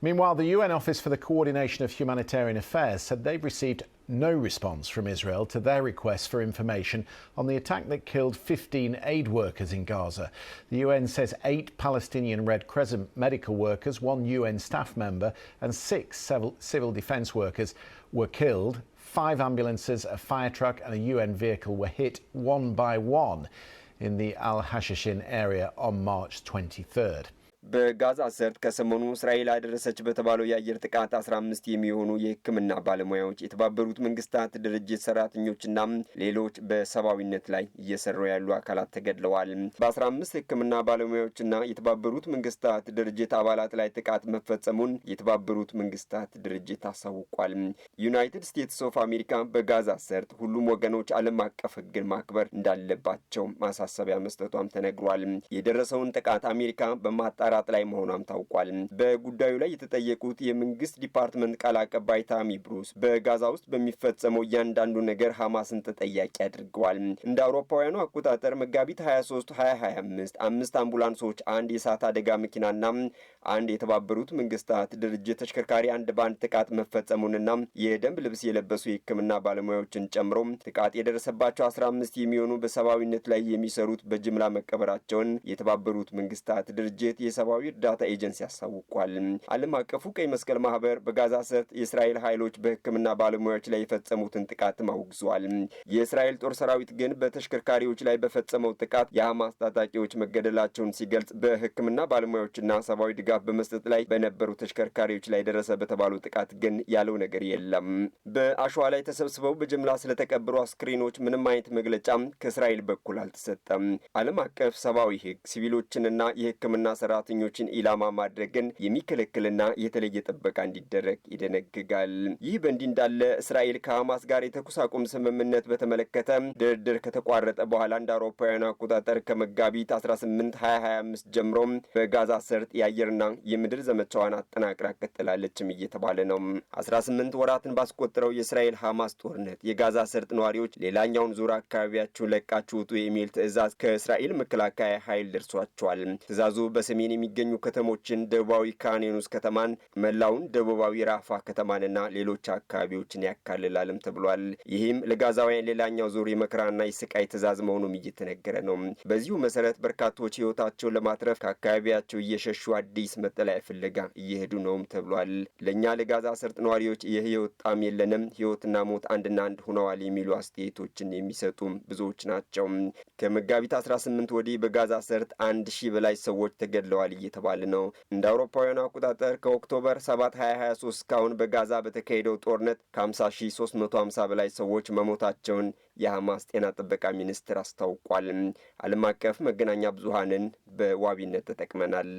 Meanwhile, the UN Office for the Coordination of Humanitarian Affairs said they've received no response from Israel to their request for information on the attack that killed 15 aid workers in Gaza. The UN says eight Palestinian Red Crescent medical workers, one UN staff member, and six civil defence workers were killed. Five ambulances, a fire truck, and a UN vehicle were hit one by one in the Al Hashishin area on March 23rd. በጋዛ ሰርጥ ከሰሞኑ እስራኤል አደረሰች በተባለው የአየር ጥቃት 15 የሚሆኑ የሕክምና ባለሙያዎች የተባበሩት መንግስታት ድርጅት ሰራተኞችና ሌሎች በሰብአዊነት ላይ እየሰሩ ያሉ አካላት ተገድለዋል። በ15 ሕክምና ባለሙያዎችና የተባበሩት መንግስታት ድርጅት አባላት ላይ ጥቃት መፈጸሙን የተባበሩት መንግስታት ድርጅት አሳውቋል። ዩናይትድ ስቴትስ ኦፍ አሜሪካ በጋዛ ሰርጥ ሁሉም ወገኖች ዓለም አቀፍ ሕግን ማክበር እንዳለባቸው ማሳሰቢያ መስጠቷም ተነግሯል። የደረሰውን ጥቃት አሜሪካ በማጣ በማጣራት ላይ መሆኗም ታውቋል። በጉዳዩ ላይ የተጠየቁት የመንግስት ዲፓርትመንት ቃል አቀባይ ታሚ ብሩስ በጋዛ ውስጥ በሚፈጸመው እያንዳንዱ ነገር ሐማስን ተጠያቂ አድርገዋል። እንደ አውሮፓውያኑ አቆጣጠር መጋቢት 23 2025 አምስት አምቡላንሶች፣ አንድ የእሳት አደጋ መኪናና አንድ የተባበሩት መንግስታት ድርጅት ተሽከርካሪ አንድ በአንድ ጥቃት መፈጸሙንና የደንብ ልብስ የለበሱ የሕክምና ባለሙያዎችን ጨምሮ ጥቃት የደረሰባቸው 15 የሚሆኑ በሰብአዊነት ላይ የሚሰሩት በጅምላ መቀበራቸውን የተባበሩት መንግስታት ድርጅት የሰብአዊ እርዳታ ኤጀንሲ አሳውቋል። ዓለም አቀፉ ቀይ መስቀል ማህበር በጋዛ ሰርጥ የእስራኤል ኃይሎች በሕክምና ባለሙያዎች ላይ የፈጸሙትን ጥቃትም አውግዟል። የእስራኤል ጦር ሰራዊት ግን በተሽከርካሪዎች ላይ በፈጸመው ጥቃት የሐማስ ታጣቂዎች መገደላቸውን ሲገልጽ በሕክምና ባለሙያዎችና ሰብአዊ ድጋፍ በመስጠት ላይ በነበሩ ተሽከርካሪዎች ላይ ደረሰ በተባለው ጥቃት ግን ያለው ነገር የለም። በአሸዋ ላይ ተሰብስበው በጅምላ ስለተቀበሩ አስክሬኖች ምንም አይነት መግለጫም ከእስራኤል በኩል አልተሰጠም። ዓለም አቀፍ ሰብአዊ ሕግ ሲቪሎችንና የሕክምና ሰራት ሰራተኞችን ኢላማ ማድረግን የሚከለክልና የተለየ ጥበቃ እንዲደረግ ይደነግጋል። ይህ በእንዲህ እንዳለ እስራኤል ከሐማስ ጋር የተኩስ አቁም ስምምነት በተመለከተ ድርድር ከተቋረጠ በኋላ እንደ አውሮፓውያን አቆጣጠር ከመጋቢት 18 2025 ጀምሮ በጋዛ ሰርጥ የአየርና የምድር ዘመቻዋን አጠናቅራ ቀጥላለችም እየተባለ ነው። 18 ወራትን ባስቆጠረው የእስራኤል ሐማስ ጦርነት የጋዛ ሰርጥ ነዋሪዎች ሌላኛውን ዙር አካባቢያችሁ ለቃችሁ ውጡ የሚል ትዕዛዝ ከእስራኤል መከላከያ ኃይል ደርሷቸዋል። ትዕዛዙ በሰሜን የሚገኙ ከተሞችን ደቡባዊ ካኔኑስ ከተማን፣ መላውን ደቡባዊ ራፋ ከተማንና ሌሎች አካባቢዎችን ያካልላልም ተብሏል። ይህም ለጋዛውያን ሌላኛው ዙር የመከራና የስቃይ ትዕዛዝ መሆኑም እየተነገረ ነው። በዚሁ መሰረት በርካቶች ህይወታቸውን ለማትረፍ ከአካባቢያቸው እየሸሹ አዲስ መጠለያ ፍለጋ እየሄዱ ነውም ተብሏል። ለእኛ ለጋዛ ሰርጥ ነዋሪዎች የህይወት ጣም የለንም፣ ህይወትና ሞት አንድና አንድ ሆነዋል የሚሉ አስተያየቶችን የሚሰጡ ብዙዎች ናቸው። ከመጋቢት 18 ወዲህ በጋዛ ሰርጥ አንድ ሺህ በላይ ሰዎች ተገድለዋል ተደርጓል እየተባለ ነው። እንደ አውሮፓውያኑ አቆጣጠር ከኦክቶበር 7 2023 እስካሁን በጋዛ በተካሄደው ጦርነት ከ50350 በላይ ሰዎች መሞታቸውን የሐማስ ጤና ጥበቃ ሚኒስቴር አስታውቋል። ዓለም አቀፍ መገናኛ ብዙሃንን በዋቢነት ተጠቅመናል።